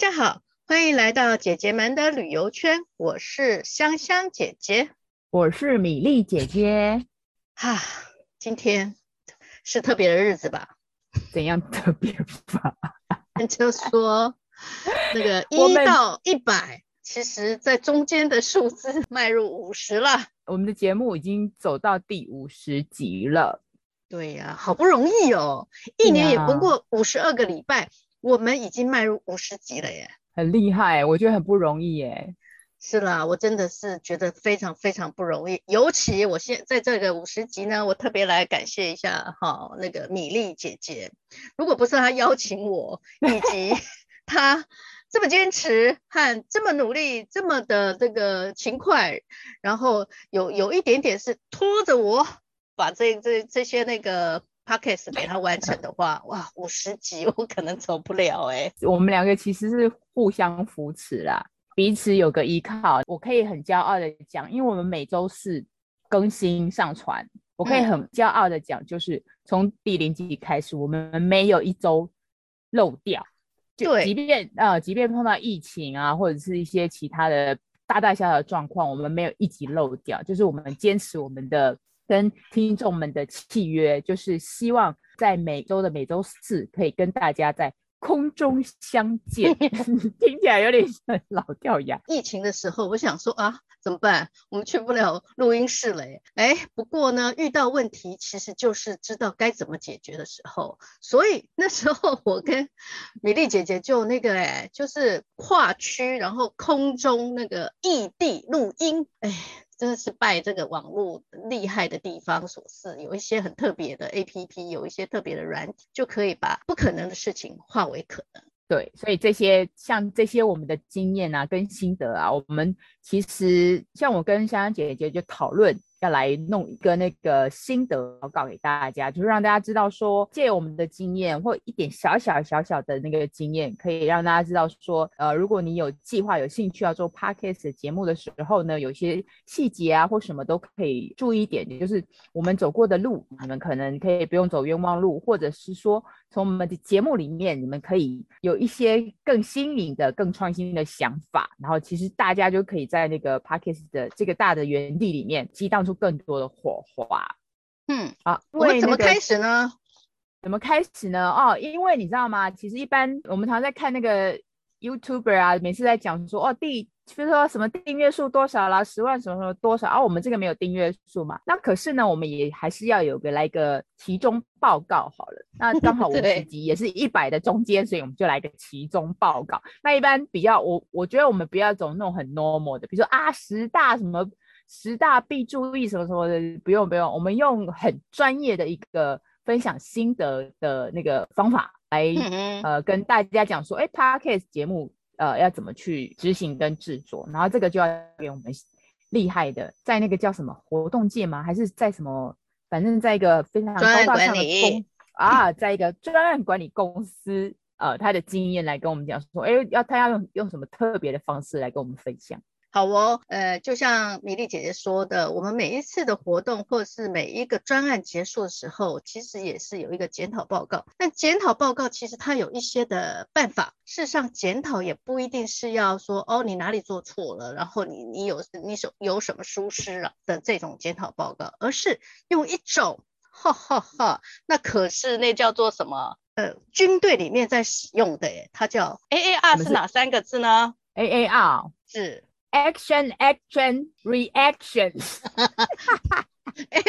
大家好，歡迎來到姐姐們的旅遊圈。我是香香姐姐，我是米粒姐姐。哈、啊，今天是特別的日子吧？怎樣特別法？ 那就說那個一到一百，其實在中間的數字邁入五十了。我們的節目已經走到第五十集了。對呀、啊，好不容易哦，一年也不過五十二個禮拜。我們已經邁入五十集了耶，很厲害、欸，我覺得很不容易耶、欸。是啦，我真的是覺得非常非常不容易。尤其我現在這個五十集呢，我特別來感謝一下哈，那個米粒姐姐。如果不是她邀請我，以及 她這麼堅持和這麼努力、這麼的這個勤快，然後有有一點點是拖着我把這這這些那個。他 a k i s 給他完成的話，哇，五十集我可能走不了誒、欸，我們兩個其實是互相扶持啦，彼此有個依靠。我可以很驕傲的講，因為我們每周四更新上傳，我可以很驕傲的講，嗯、就是從第零集開始，我們沒有一周漏掉。就對。即便呃，即便碰到疫情啊，或者是一些其他的大大小小的狀況，我們沒有一集漏掉，就是我們堅持我們的。跟聽眾們的契約就是希望在每周的每周四可以跟大家在空中相見， 聽起來有點老掉牙。疫情的時候，我想說啊，怎麼辦？我們去不了錄音室了耶哎。不過呢，遇到問題其實就是知道該怎麼解決的時候，所以那時候我跟米粒姐姐就那個哎，就是跨區，然後空中那個異地錄音哎。真的是拜這個網絡厲害的地方所賜，有一些很特別的 APP，有一些特別的軟體，就可以把不可能的事情化為可能。對，所以這些像這些我們的經驗啊，跟心得啊，我們。其實，像我跟香香姐姐就討論，要來弄一個那個心得報告給大家，就是讓大家知道說，借我們的經驗或一點小小小小小的那個經驗，可以讓大家知道說，呃，如果你有計劃、有興趣要做 Podcast 節目的時候呢，有些細節啊或什麼都可以注意一點，就是我們走過的路，你們可能可以不用走冤枉路，或者是說，從我們的節目裡面，你們可以有一些更新穎的、更創新的想法，然後其實大家就可以。在那個 Podcast 的這個大的園地裡面，激盪出更多的火花。嗯，好、啊，為那個、我們怎麼開始呢？怎麼開始呢？哦，因為你知道嗎？其實一般我們常，常在看那個。YouTuber 啊，每次在講說哦第，比如說什麼訂閱數多少啦，十萬什麼什麼多少，啊、哦、我們這個沒有訂閱數嘛，那可是呢，我們也還是要有個來個期中報告好了，那剛好我自己也是一百的中間， 對所以我們就來個期中報告。那一般比較我我覺得我們不要走那種很 normal 的，比如說啊十大什麼十大必注意什麼什麼的，不用不用，我們用很專業的一個分享心得的那個方法。來，呃，跟大家講說，哎，podcast 節目，呃，要怎麼去執行跟製作？然後這個就要給我們厲害的，在那個叫什麼活動界嗎？還是在什麼？反正在一個非常高大上的公啊，在一個專案管理公司，呃，他的經驗來跟我們講說，哎，要他要用用什麼特別的方式來跟我們分享。好哦，呃，就像米粒姐姐說的，我們每一次的活動或者是每一個專案結束的時候，其實也是有一個檢討報告。那檢討報告其實它有一些的辦法。事實上，檢討也不一定是要說哦，你哪裡做錯了，然後你你有你有有什麼疏失了、啊、的這種檢討報告，而是用一種哈哈哈。那可是那叫做什麼？呃，軍隊裡面在使用的，它叫 AAR 是哪三個字呢？AAR 是。Action, action, reactions、 欸。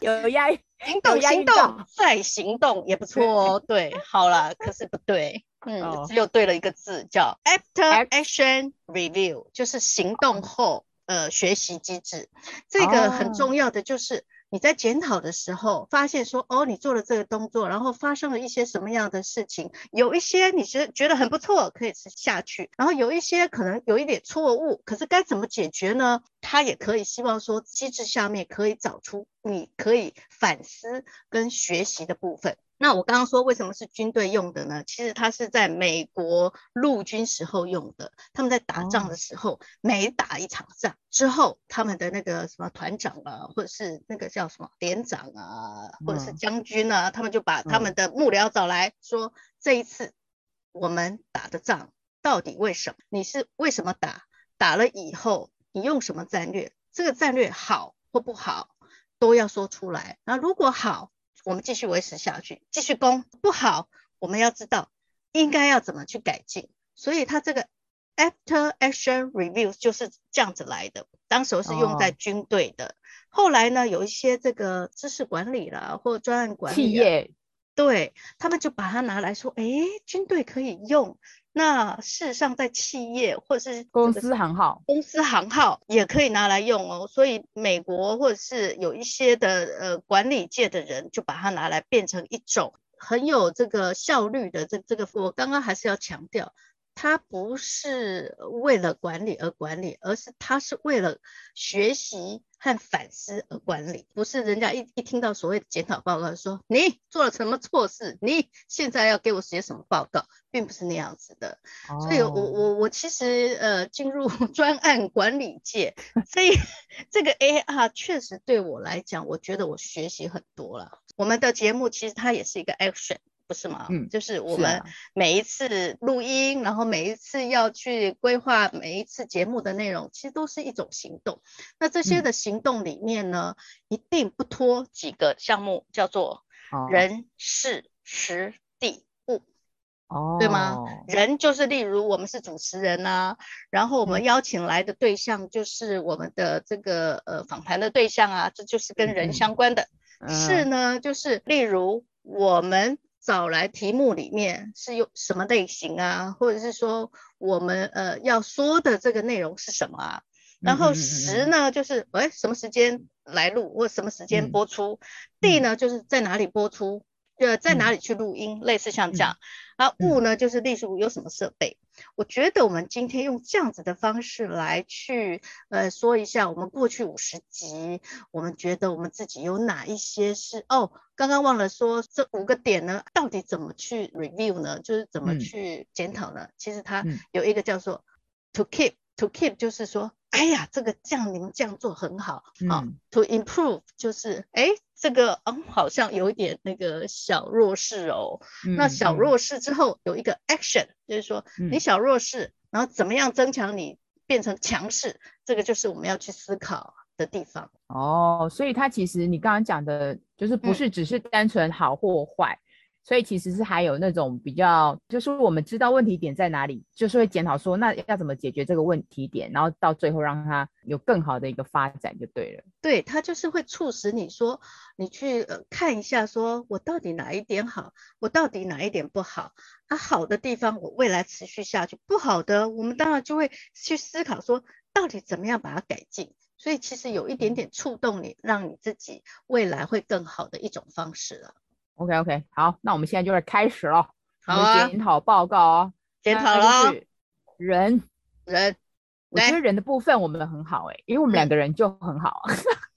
有壓，有行動，再行動也不錯、哦。對，對，好了， 可是不對。嗯，哦、只有對了一個字，叫 After Action Review，就是行動後呃學習機制。這個很重要的就是。哦你在檢討的時候，發現說，哦，你做了這個動作，然後發生了一些什麼樣的事情，有一些你是覺得很不錯，可以是下去；然後有一些可能有一點錯誤，可是該怎麼解決呢？他也可以希望說機制下面可以找出你可以反思跟學習的部分。那我剛剛說為什麼是軍隊用的呢？其實他是在美國陸軍時候用的。他們在打仗的時候，每、嗯、打一場仗之後，他們的那個什麼團長啊，或者是那個叫什麼連長啊，或者是將軍啊，嗯、他們就把他們的幕僚找來、嗯、說，這一次我們打的仗到底為什麼？你是為什麼打？打了以後你用什麼戰略？這個戰略好或不好都要說出來。那如果好。我們繼續維持下去，繼續攻不好，我們要知道應該要怎麼去改進。所以它這個 After Action Review 就是這樣子來的。當時候是用在軍隊的，哦、後來呢有一些這個知識管理啦或專案管理啦，企業對他們就把它拿來說，哎，軍隊可以用。那事實上，在企業或者是公司行號，公司行號也可以拿來用哦。所以，美國或者是有一些的呃管理界的人，就把它拿來變成一種很有這個效率的這這個。我剛剛還是要強調，它不是為了管理而管理，而是它是為了學習。和反思而管理，不是人家一一聽到所謂的檢討報告說，你做了什麼錯事，你現在要給我寫什麼報告，並不是那樣子的。Oh. 所以我，我我我其實呃進入專案管理界，所以 這個 AAR 確實對我來講，我覺得我學習很多了。我們的節目其實它也是一個 Action。不是嗎？嗯，就是我們每一次錄音，啊、然後每一次要去規劃每一次節目的內容，其實都是一種行動。那這些的行動裡面呢，嗯、一定不脫幾個項目，叫做人、哦、事、時、地、物，哦，對嗎？人就是例如我們是主持人吶、啊，然後我們邀請來的對象就是我們的這個呃訪談的對象啊，這就是跟人相關的。事、嗯嗯、呢，就是例如我們。找來題目裡面是有什麼類型啊，或者是說我們呃要說的這個內容是什麼啊？然後時呢就是哎、嗯嗯嗯欸、什麼時間來錄或什麼時間播出地，嗯、呢就是在哪裡播出？呃，就在哪裡去錄音？嗯、類似像這樣，嗯、啊，物呢就是例如有什麼設備？嗯、我覺得我們今天用這樣子的方式來去呃說一下我們過去五十集，我們覺得我們自己有哪一些是哦，剛剛忘了說這五個點呢，到底怎麼去 review 呢？就是怎麼去檢討呢？嗯、其實它有一個叫做、嗯、to keep to keep 就是說，哎呀，這個這樣你們這樣做很好啊、嗯哦。to improve 就是哎。欸這個嗯、哦，好像有點那個小弱勢哦。嗯、那小弱勢之後有一個 action，就是說你小弱勢，嗯、然後怎麼樣增強你變成強勢？這個就是我們要去思考的地方哦。所以它其實你剛剛講的，就是不是只是單純好或壞，嗯、所以其實是還有那種比較，就是我們知道問題點在哪裡，就是會檢討說那要怎麼解決這個問題點，然後到最後讓它有更好的一個發展就對了。對，它就是會促使你說。你去呃看一下，說我到底哪一點好，我到底哪一點不好？啊，好的地方我未來持續下去，不好的我們當然就會去思考說，到底怎麼樣把它改進。所以其實有一點點觸動你，讓你自己未來會更好的一種方式了。OK OK，好，那我們現在就是開始了，好啊、檢討報告哦，檢討了，人，人，我覺得人的部分我們很好誒、欸，人因為我們兩個人就很好。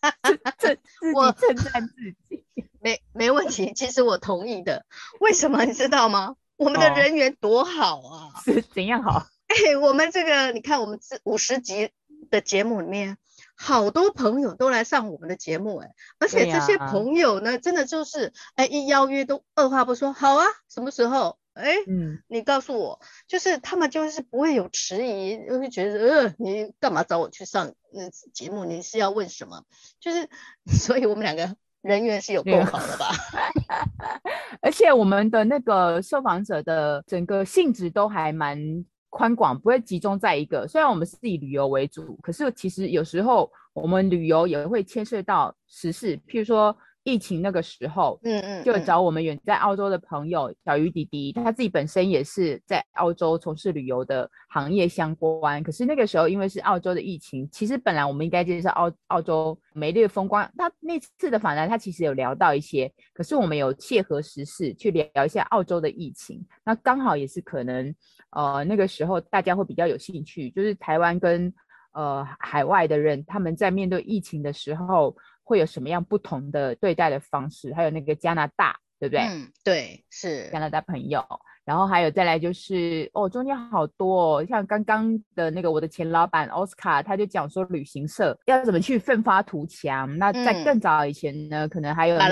哈哈， 我稱讚自己，沒沒問題。其實我同意的， 為什麼你知道嗎？我們的人緣多好啊、哦！是怎樣好？哎、欸，我們這個，你看，我們這五十集的節目裡面，好多朋友都來上我們的節目、欸，哎，而且這些朋友呢，啊、真的就是，哎、欸，一邀約都二話不說，好啊，什麼時候？哎，誒嗯、你告訴我，就是他們就是不會有遲疑，就會覺得，呃，你幹嘛找我去上那節目？你是要問什麼？就是，所以我們兩個人緣是有夠好的吧？對啊、 而且我們的那個受訪者的整個性質都還蠻寬廣，不會集中在一個。雖然我們是以旅遊為主，可是其實有時候我們旅遊也會牽涉到時事，譬如說。疫情那個時候，嗯嗯，就找我們遠在澳洲的朋友嗯嗯嗯小魚弟弟，他自己本身也是在澳洲從事旅遊的行業相關。可是那個時候，因為是澳洲的疫情，其實本來我們應該介紹澳澳洲美麗的風光。那那次的訪談，他其實有聊到一些，可是我們有切合時事去聊一下澳洲的疫情。那剛好也是可能，呃，那個時候大家會比較有興趣，就是台灣跟呃海外的人，他們在面對疫情的時候。會有什麼樣不同的對待的方式？還有那個加拿大，對不對？嗯，對，是加拿大朋友。然後還有再來就是哦，中間好多哦，像剛剛的那個我的前老闆奧斯卡，他就講說，旅行社要怎麼去奮發圖強。那在更早以前呢，嗯、可能還有那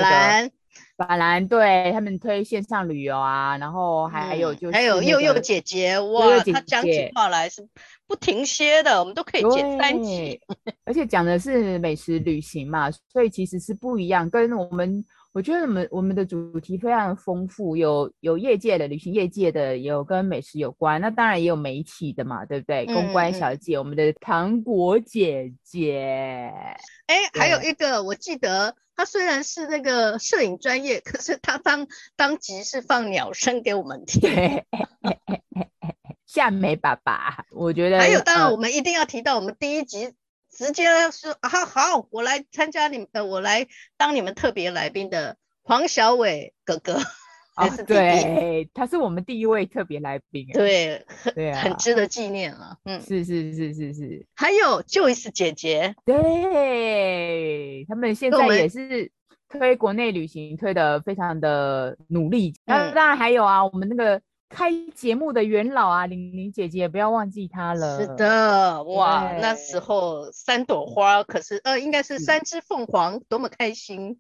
個。法蘭對他們推線上旅遊啊，然後還還有就是、那個嗯，還有悠悠姐姐哇，柚柚姐姐她講起話來是不停歇的，我們都可以剪三集，而且講的是美食旅行嘛，所以其實是不一樣，跟我們。我覺得我們我們的主題非常豐富，有有業界的，旅行業界的，有跟美食有關，那當然也有媒體的嘛，對不對？嗯、公關小姐，我們的糖果姐姐，嗯、對哎，還有一個，我記得他雖然是那個攝影專業，可是他當當集是放鳥聲給我們聽，夏對 美爸爸，我覺得還有，當然我們一定要提到我們第一集。直接說好好，我來參加你們，我來當你們特別來賓的黃小偉哥哥啊，哦、B 對，他是我們第一位特別來賓，對，對、啊、很值得紀念啊，嗯，是是是是是，還有就一次姐姐，對，他們現在也是推國內旅行推的非常的努力，然、嗯、當然還有啊，我們那個。開節目的元老啊，玲玲姐姐不要忘記她了。是的，哇，對那時候三朵花，可是呃，應該是三只鳳凰，是多麼開心！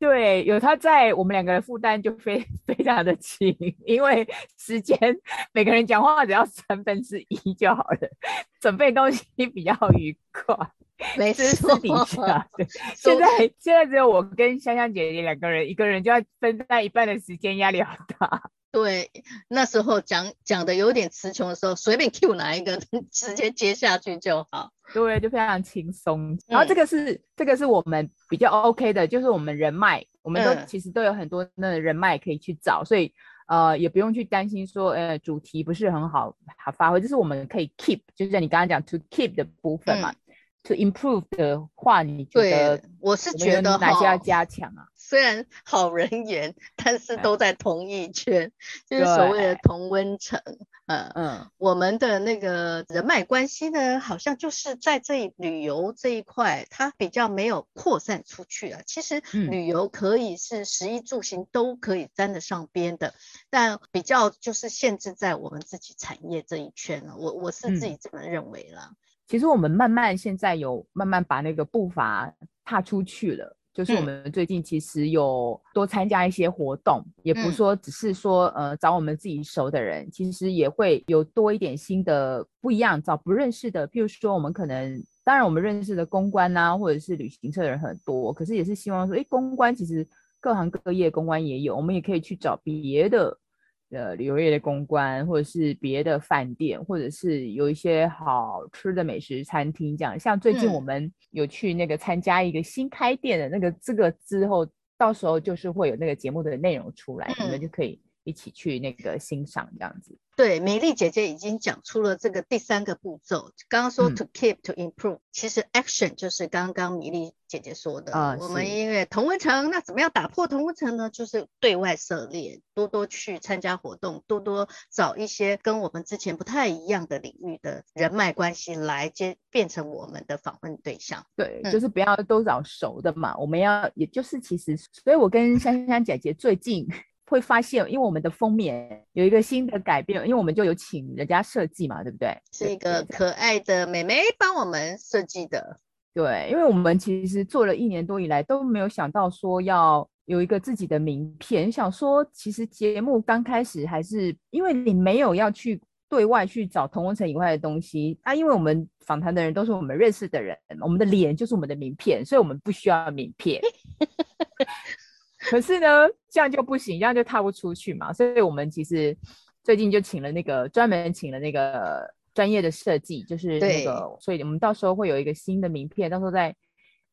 對，有她在，我們兩個人負擔就非非常的輕，因為時間每個人講話只要三分之一就好了，準備東西比較愉快。沒錯，沒錯。說 現在現在只有我跟香香姐姐兩個人，一個人就要分擔一半的時間，壓力好大。對，那時候講講的有點詞窮的時候，隨便 cue 哪一個，直接接下去就好。對，就非常輕鬆。嗯、然後這個是這個是我們比較 OK 的，就是我們人脈，我們都、嗯、其實都有很多的人脈可以去找，所以呃也不用去擔心說，呃主題不是很好好發揮，就是我們可以 keep，就是像你剛剛講 to keep 的部分嘛。嗯 to improve 的話，對你覺得，我是覺得哪些要加強啊？雖然好人緣，但是都在同一圈，哎、就是所謂的同溫層。對嗯嗯，我們的那個人脈關係呢，好像就是在這一旅遊這一塊，它比較沒有擴散出去啊。其實旅遊可以是食衣住行都可以沾得上邊的，嗯、但比較就是限制在我們自己產業這一圈了。我我是自己這麼認為了。嗯其實我們慢慢現在有慢慢把那個步伐，踏出去了，就是我們最近其實有多參加一些活動，也不是說只是說呃找我們自己熟的人，其實也會有多一點新的不一樣，找不認識的。譬如說我們可能當然我們認識的公關啊或者是旅行社的人很多，可是也是希望說，哎，公關其實各行各業公關也有，我們也可以去找別的。呃，旅遊業的公關，或者是別的飯店，或者是有一些好吃的美食餐廳，這樣。像最近我們有去那個參加一個新開店的那個這個之後，到時候就是會有那個節目的內容出來，嗯哼，你們就可以。一起去那個欣賞這樣子。對，米粒姐姐已經講出了這個第三個步驟。剛剛說 to keep to improve，、嗯、其實 action 就是剛剛米粒姐姐說的。啊、哦，我們因為同溫層，是那怎麼樣打破同溫層呢？就是對外涉獵，多多去參加活動，多多找一些跟我們之前不太一樣的領域的人脈關係來接，變成我們的訪問對象。對，嗯、就是不要都找熟的嘛。我們要，也就是其實，所以我跟香香姐姐最近、嗯。會發現，因為我們的封面有一個新的改變，因為我們就有請人家設計嘛，對不對？是一個可愛的妹妹幫我們設計的。對，因為我們其實做了一年多以來都沒有想到說要有一個自己的名片。想說，其實節目剛開始還是因為你沒有要去對外去找同溫層以外的東西啊，因為我們訪談的人都是我們認識的人，我們的臉就是我們的名片，所以我們不需要名片。 可是呢，這樣就不行，這樣就踏不出去嘛。所以我們其實最近就請了那個專門請了那個專業的設計，就是那個，對所以我們到時候會有一個新的名片，到時候再。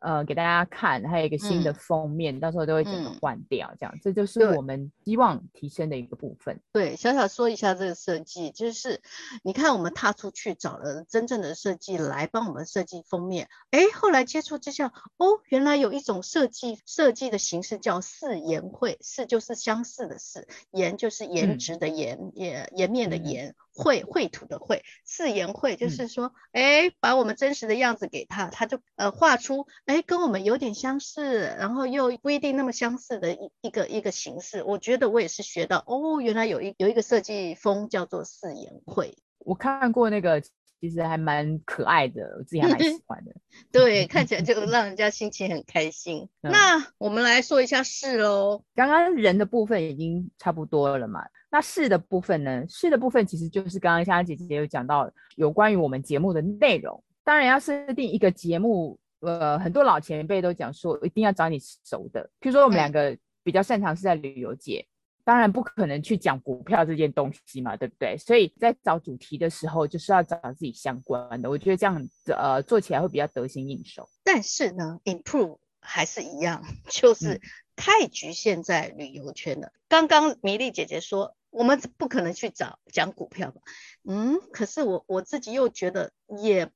呃，給大家看，還有一個新的封面，嗯、到時候都會整個換掉，這樣，嗯、這就是我們希望提升的一個部分。對，小小說一下這個設計，就是你看我們踏出去找了真正的設計來幫我們設計封面，哎，後來接觸之下，哦，原來有一種設計設計的形式叫“四顏會”，四就是相似的四，顏就是顏值的顏，顏顏、嗯、面的顏。嗯繪，繪圖的繪，似顏繪，就是說，哎、嗯，把我們真實的樣子給他，他就呃畫出，哎，跟我們有點相似，然後又不一定那麼相似的一一個一個形式。我覺得我也是學到，哦，原來有一個有一個設計風叫做似顏繪，我看過那個。其實還蠻可愛的，我自己還蠻喜歡的。 對， 看起來就讓人家心情很開心。 那我們來說一下事嘍。剛剛人的部分已經差不多了嘛，那事的部分呢？事的部分其實就是剛剛香香姐姐有講到有關於我們節目的內容。當然要設定一個節目，呃，很多老前輩都講說，一定要找你熟的。比如說我們兩個比較擅長是在旅遊界。嗯當然不可能去講股票這件東西嘛，對不對？所以在找主題的時候，就是要找自己相關的。我覺得這樣呃做起來會比較得心應手。但是呢，improve 還是一樣，就是太局限在旅遊圈了。嗯、剛剛米粒姐姐說，我們不可能去找講股票吧？嗯，可是我我自己又覺得也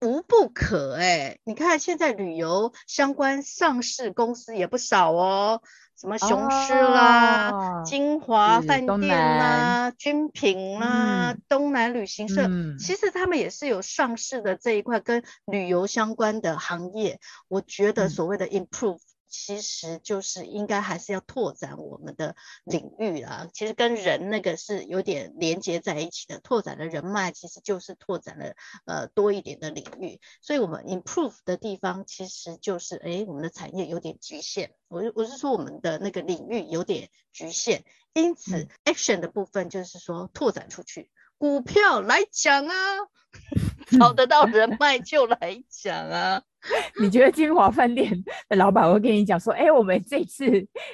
無不，不可哎、欸。你看現在旅遊相關上市公司也不少哦。什麼雄獅啦、晶華飯店啦、啊、君品啦、啊、嗯、東南旅行社，嗯、其實他們也是有上市的這一塊，跟旅遊相關的行業。嗯、我覺得所謂的 improve、嗯。其實就是應該還是要拓展我們的領域啦、啊。其實跟人那個是有點連接在一起的，拓展了人脈，其實就是拓展了呃多一點的領域。所以，我們 improve 的地方其實就是哎，我們的產業有點侷限，我是我是說我們的那個領域有點侷限。因此，action 的部分就是說拓展出去。股票來講啊， 找得到人脈就來講啊。 你覺得金華飯店的老闆會跟你講說：“哎、欸，我們這次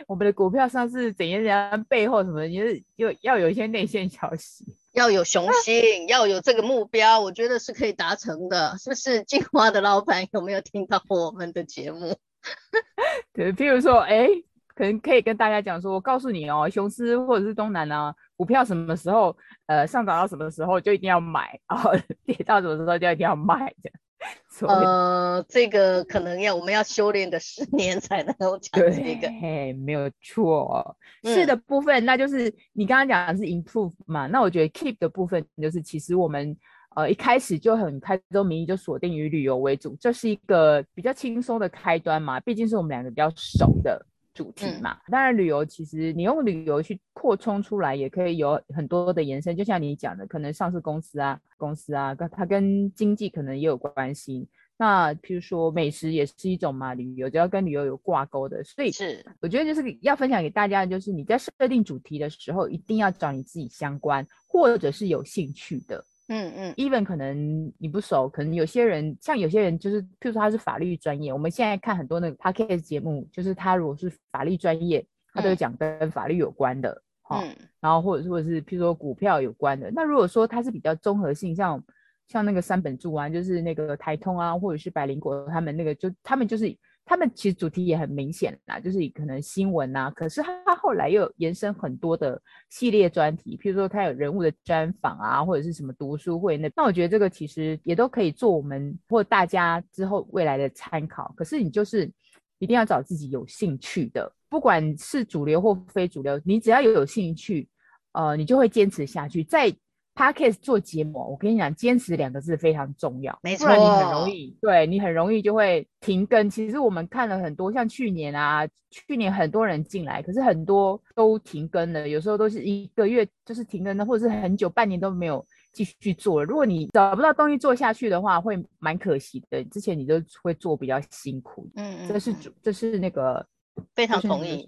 我們的股票上市怎樣怎樣，背後什麼就是、要，要有一些內線消息，要有雄心， 要有這個目標，我覺得是可以達成的，是不是？”金華的老闆有沒有聽到我們的節目？ 譬如說，哎、欸，可能可以跟大家講說：“我告訴你哦，雄獅或者是東南啊，股票什麼時候呃上漲到什麼時候就一定要買，然後跌 到什麼時候就一定要賣。這樣”所呃，這個可能要我們要修煉個十年才能夠講這個，對，嘿，沒有錯。是的部分，嗯、那就是你剛剛講的是 improve 嘛，那我覺得 keep 的部分就是其實我們呃一開始就很開宗明義就鎖定於旅遊為主，這、就是一個比較輕鬆的開端嘛，畢竟是我們兩個比較熟的。主題嘛，嗯，當然旅遊其實你用旅遊去擴充出來，也可以有很多的延伸。就像你講的，可能上市公司啊、公司啊，它跟經濟可能也有關係。那譬如說美食也是一種嘛，旅遊只要跟旅遊有掛鈎的，所以是我覺得就是要分享給大家的，就是你在設定主題的時候，一定要找你自己相關或者是有興趣的。嗯嗯，even 可能你不熟，可能有些人像有些人就是，譬如說他是法律專業，我們現在看很多那個 podcast 節目，就是他如果是法律專業，他都會講跟法律有關的，哈、嗯哦，然後或者或者是譬如說股票有關的。嗯、那如果說他是比較綜合性，像像那個三本柱啊，就是那個台通啊，或者是百靈果，他們那個就他們就是。他們其實主題也很明顯啦，就是以可能新聞吶啊，可是他後來又延伸很多的系列專題，譬如說他有人物的專訪啊，或者是什麼讀書會那，那我覺得這個其實也都可以做我們或大家之後未來的參考。可是你就是一定要找自己有興趣的，不管是主流或非主流，你只要有有興趣，呃，你就會堅持下去。在 Podcast 做節目，我跟你講，堅持兩個字非常重要，沒錯、哦，不然你很容易，對你很容易就會停更。其實我們看了很多，像去年啊，去年很多人進來，可是很多都停更了，有時候都是一個月就是停更的，或者是很久，半年都沒有繼續做了。如果你找不到東西做下去的話，會蠻可惜的。之前你都會做比較辛苦，嗯，嗯，這是主，這是那個非常同意、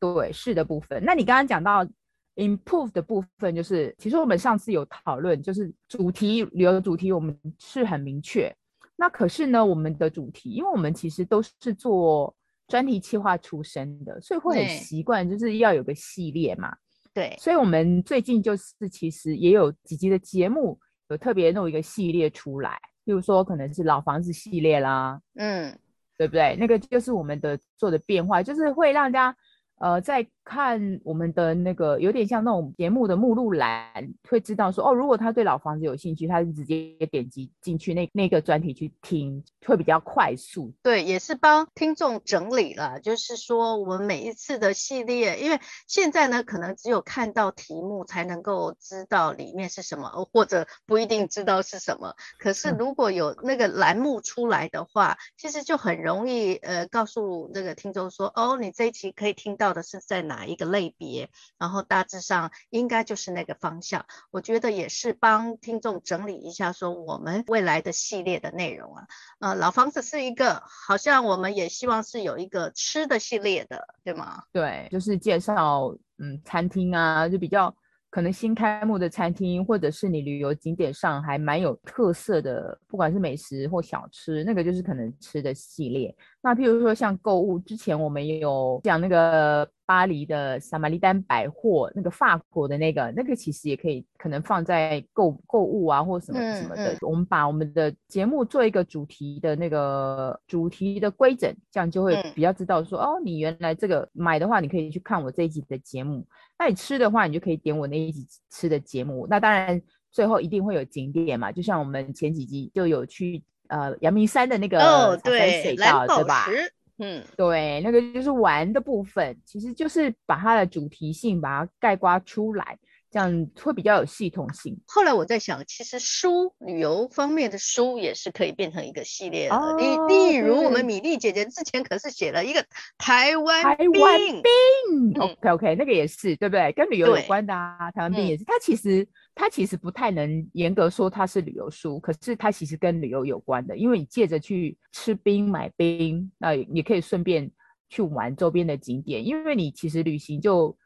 就是，對，是的部分。那你剛剛講到。improve 的部分就是，其實我們上次有討論，就是主題，旅遊的主題，我們是很明確。那可是呢，我們的主題，因為我們其實都是做專題計劃出身的，所以會很習慣就是要有個系列嘛。對，所以我們最近就是其實也有幾集的節目，有特別弄一個系列出來，比如說可能是老房子系列啦，嗯，對不對？那個就是我們的做的變化，就是會讓大家呃在。看我們的那個有點像那種節目的目錄欄，會知道說哦，如果他對老房子有興趣，他就直接點擊進去那那個專題去聽，會比較快速。對，也是幫聽眾整理了，就是說我們每一次的系列，因為現在呢，可能只有看到題目才能夠知道裡面是什麼，或者不一定知道是什麼。可是如果有那個欄目出來的話，嗯、其實就很容易呃告訴那個聽眾說哦，你這一期可以聽到的是在哪，哪一個類別，然後大致上應該就是那個方向。我覺得也是幫聽眾整理一下，說我們未來的系列的內容啊，呃，老房子是一個，好像我們也希望是有一個吃的系列的，對嗎？對，就是介紹，嗯，餐廳啊，就比較可能新開幕的餐廳，或者是你旅遊景點上還蠻有特色的，不管是美食或小吃，那個就是可能吃的系列。那譬如說像購物，之前我們也有講那個巴黎的薩馬利丹百貨，那個法國的那個，那個其實也可以，可能放在購購物啊，或什麼什麼的。嗯嗯、我們把我們的節目做一個主題的那個主題的規整，這樣就會比較知道說，嗯、哦，你原來這個買的話，你可以去看我這一集的節目；那你吃的話，你就可以點我那一集吃的節目。那當然最後一定會有景點嘛，就像我們前幾集就有去。呃，陽明山的那個藍寶石，oh, 對,對吧？對嗯，對，那個就是玩的部分，其實就是把它的主題性把它概括出來。這樣會比較有系統性。後來我在想，其實書旅遊方面的書也是可以變成一個系列的。哦、例例如我們米粒姐姐之前可是寫了一個台灣台灣冰、嗯、，OK OK，那個也是，對不對？跟旅遊有關的啊，對台灣冰也是。嗯、它其實它其實不太能嚴格說它是旅遊書，可是它其實跟旅遊有關的，因為你借着去吃冰、買冰，那也可以順便去玩周邊的景點，因為你其實旅行就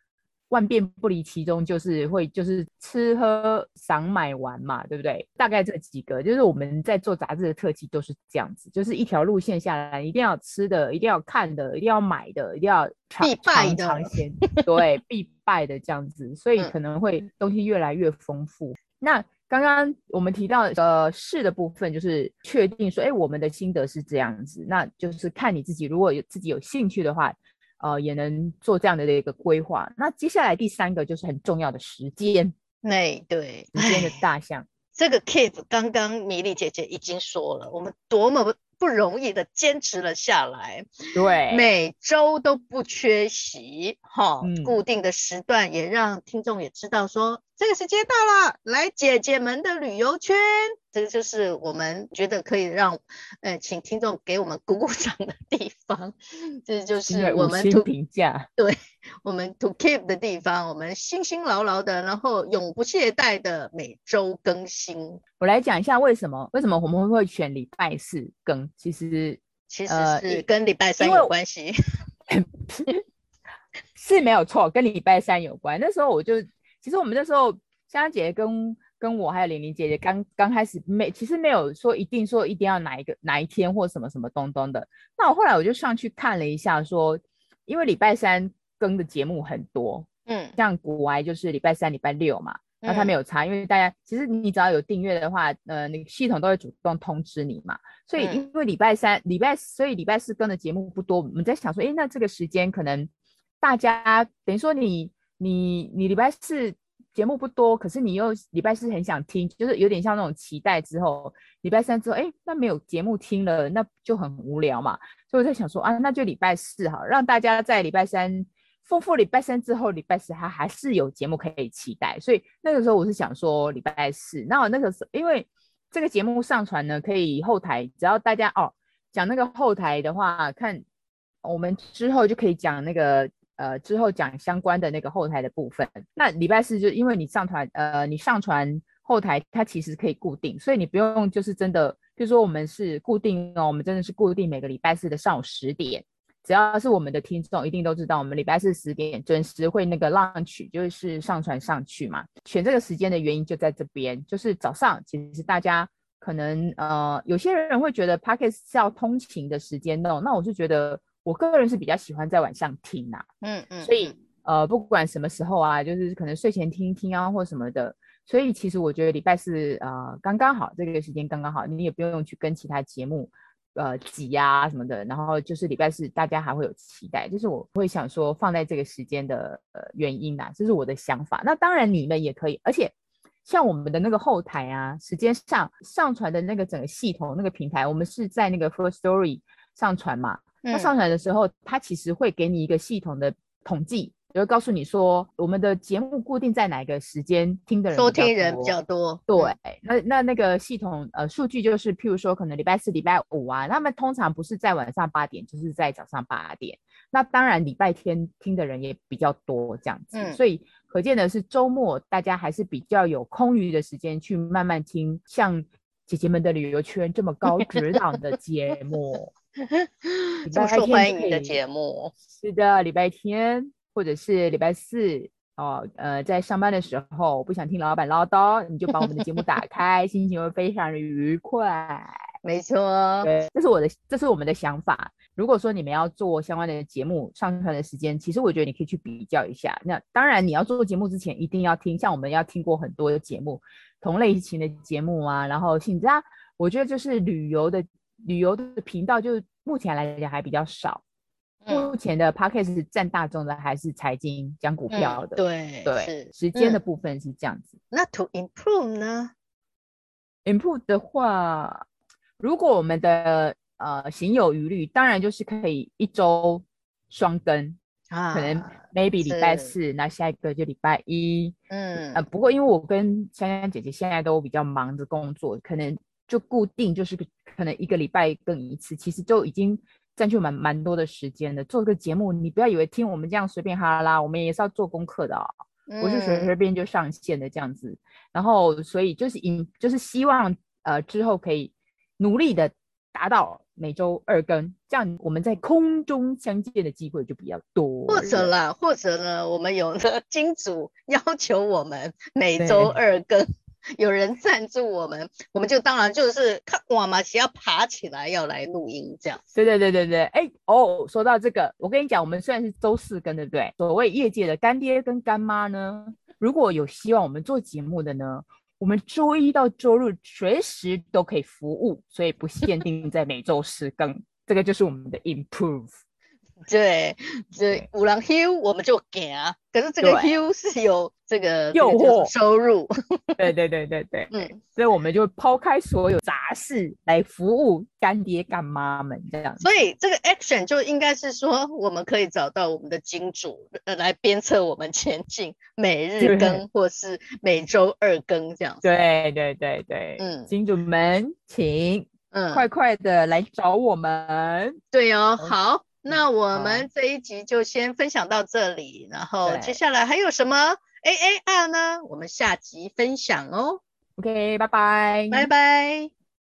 萬變不離其宗，就是會就是吃喝賞買玩嘛，對不對？大概這幾個，就是我們在做雜誌的特輯都是這樣子，就是一條路線下來，一定要吃的，一定要看的，一定要買的，一定要嘗嘗鮮，對， 必敗的這樣子，所以可能會東西越來越豐富。嗯、那剛剛我們提到的試的部分，就是確定說，哎、欸，我們的心得是這樣子，那就是看你自己，如果有自己有興趣的話。呃，也能做這樣的一個規劃。那接下來第三個就是很重要的時間，那、欸、對時間的大象，這個 case 剛剛米粒姐姐已經說了，我們多麼不不容易的堅持了下來，對，每週都不缺席，哈，嗯，固定的時段也讓聽眾也知道說這個時間到了，來姐姐們的旅遊圈，這個就是我們覺得可以讓，呃，請聽眾給我們鼓鼓掌的地方，這就是我們我評價，對，我們 to keep 的地方，我們辛辛勞勞的，然後永不懈怠的每周更新。我來講一下為什麼？為什麼我們會選禮拜四更？其實其實是跟禮拜三有關係，呃是，是沒有錯，跟禮拜三有關。 那時候我就，其實我們那時候香香姐姐跟跟我還有玲玲姐姐剛剛開始沒，其實沒有說一定說一定要哪一個哪一天或什麼什麼東東的。那我後來我就上去看了一下說，說因為禮拜三。更的節目很多，嗯，像國外就是禮拜三、禮拜六嘛，那、嗯、它沒有差，因為大家其實你只要有訂閱的話，呃，那個系統都會主動通知你嘛。所以因為禮拜三、禮、嗯、拜所以禮拜四更的節目不多，我們在想說，哎，那這個時間可能大家等於說你、你、你禮拜四節目不多，可是你又禮拜四很想聽，就是有點像那種期待之後禮拜三之後，哎，那沒有節目聽了，那就很無聊嘛。所以我在想說，啊，那就禮拜四哈，讓大家在禮拜三豐富禮拜三之後，禮拜四還還是有節目可以期待，所以那個時候我是想說禮拜四。那我那個時候，因為這個節目上傳呢，可以後台，只要大家哦講那個後台的話，看我們之後就可以講那個呃之後講相關的那個後台的部分。那禮拜四就因為你上傳呃你上傳後台，它其實可以固定，所以你不用就是真的就是說我們是固定哦，我們真的是固定每個禮拜四的上午十點。只要是我們的聽眾，一定都知道我們禮拜四十點準時會那個浪曲，就是上傳上去嘛。選這個時間的原因就在這邊，就是早上。其實大家可能呃，有些人會覺得 Podcast 是要通勤的時間那種，那我是覺得我個人是比較喜歡在晚上聽吶、啊嗯。嗯以嗯。所以呃，不管什麼時候啊，就是可能睡前聽聽啊或什麼的。所以其實我覺得禮拜四啊，剛、呃、剛剛好這個時間剛剛好，你也不用去跟其他節目。呃，集呀、啊、什麼的，然後就是禮拜四大家還會有期待，就是我會想說放在這個時間的呃原因吶、啊，這是我的想法。那當然你們也可以，而且像我們的那個後台啊，時間上上傳的那個整個系統那個平台，我們是在那個 Firstory 上傳嘛，它、嗯、上傳的時候它其實會給你一個系統的統計。我就告訴你說，我們的節目固定在哪一個時間聽的人多，聽人比較多。對，嗯、那那那個系統呃數據就是，譬如說可能禮拜四、禮拜五啊，他們通常不是在晚上八點，就是在早上八點。那當然禮拜天聽的人也比較多這樣子，嗯、所以可見的是周末大家還是比較有空餘的時間去慢慢聽，像姐姐們的旅遊圈這麼高質量的節目，比較受歡迎你的節目。是的，禮拜天。或者是禮拜四哦，呃，在上班的時候，不想聽老闆嘮叨，你就把我們的節目打開， 心情會非常的愉快。沒錯，對，這是我的，這是我們的想法。如果說你們要做相關的節目上傳的時間，其實我覺得你可以去比較一下。那當然，你要做節目之前一定要聽，像我們要聽過很多的節目，同類型的節目啊，然後性質啊，我覺得就是旅遊的旅遊的頻道，就目前來講還比較少。目前的 podcast 是占大眾的，還是財經講股票的？對、嗯、對，時間的部分是這樣子。那 to improve 呢？improve 的話，如果我們的呃行有餘力，當然就是可以一周雙更啊，可能 maybe 禮拜四，是那下一個就禮拜一。嗯、呃，不過因為我跟香香姐姐現在都比較忙着工作，可能就固定就是可能一個禮拜更一次，其實都已經。佔據蠻蠻多的時間的，做個節目，你不要以為聽我們這樣隨便哈啦啦，我們也是要做功課的哦，嗯，我不是隨隨便便就上線的這樣子，然後所以就是以就是希望呃之後可以努力的達到每周二更，這樣我們在空中相見的機會就比較多，或者啦，或者呢，我們有了金主要求我們每周二更。 有人贊助我們，我們就當然就是看哇嘛，要爬起來要來錄音這樣。對對對對對，哎、欸、哦，說到這個，我跟你講，我們雖然是週四更，對不對？所謂業界的乾爹跟乾媽呢，如果有希望我們做節目的呢，我們週一到週日隨時都可以服務，所以不限定在每週四更， 這個就是我們的 improve。對，這五郎 Hugh 我們就給啊，可是這個 Hugh 是有這個誘惑收入，對對對對對，嗯，所以我們就拋開所有雜事來服務乾爹乾媽們這樣，所以這個 action 就應該是說我們可以找到我們的金主來鞭策我們前進，每日更或是每周二更這樣對，對對對對，嗯，金主們請，嗯，快快的來找我們，對哦，好。嗯那我們這一集就先分享到這裡，嗯，然後接下來還有什麼 AAR 呢？對我們下集分享哦。OK，拜拜，拜拜。